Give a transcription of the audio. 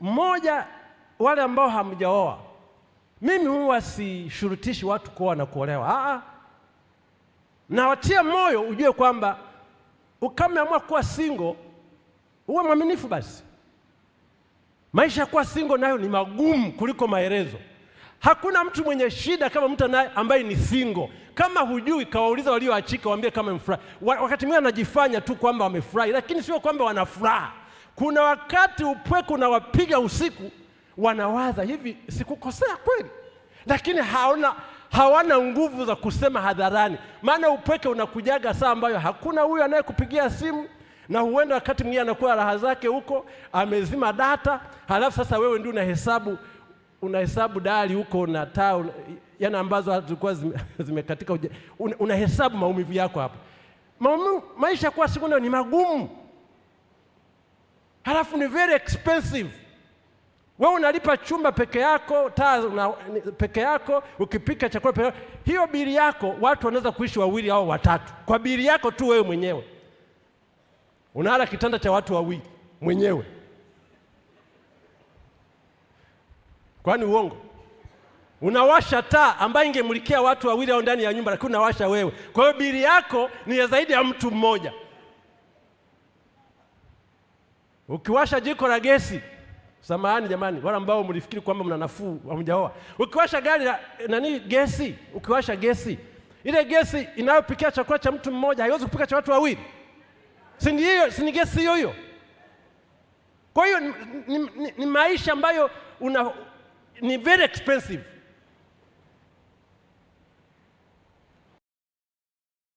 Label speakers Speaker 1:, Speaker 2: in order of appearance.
Speaker 1: mmoja, wale ambao hamjaoa, mimi huwa sishurutishi watu kuoa na kuolewa, ah, ah. nawatia moyo, ujue kwamba ukameamua kuwa single uwe mwaminifu basi. Maisha ya kuwa single nayo ni magumu kuliko maelezo. Hakuna mtu mwenye shida kama mtu naye ambaye ni single. Kama hujui kawauliza walioachika, waambie kama mfurahi. Wakati mwingine anajifanya tu kwamba wamefurahi, lakini sio kwamba wanafuraha kuna wakati upweke unawapiga usiku, wanawaza hivi, sikukosea kweli? Lakini haona, hawana nguvu za kusema hadharani, maana upweke unakujaga saa ambayo hakuna huyu anayekupigia simu na huenda wakati mwingine anakuwa raha zake huko, amezima data. Halafu sasa wewe ndio unahesabu unahesabu dali huko na taa yana ambazo zilikuwa zimekatika zime unahesabu maumivu yako hapo. Maumivu, maisha kwa siku ni magumu halafu ni very expensive. Wewe unalipa chumba peke yako, taa peke yako, ukipika chakula peke yako. Hiyo bili yako watu wanaweza kuishi wawili au watatu kwa bili yako tu wewe mwenyewe. Unala kitanda cha watu wawili mwenyewe, kwani uongo? Unawasha taa ambayo ingemulikia watu wawili au ndani ya nyumba, lakini unawasha wewe. Kwa hiyo bili yako ni ya zaidi ya mtu mmoja. Ukiwasha jiko la gesi, samahani jamani, wale ambao mlifikiri kwamba mna nafuu hamjaoa. Ukiwasha gari la nani gesi, ukiwasha gesi, ile gesi inayopikia chakula cha mtu mmoja haiwezi kupika cha watu wawili, si ndio? Si gesi hiyo hiyo? Kwa hiyo ni, ni, ni maisha ambayo una, ni very expensive.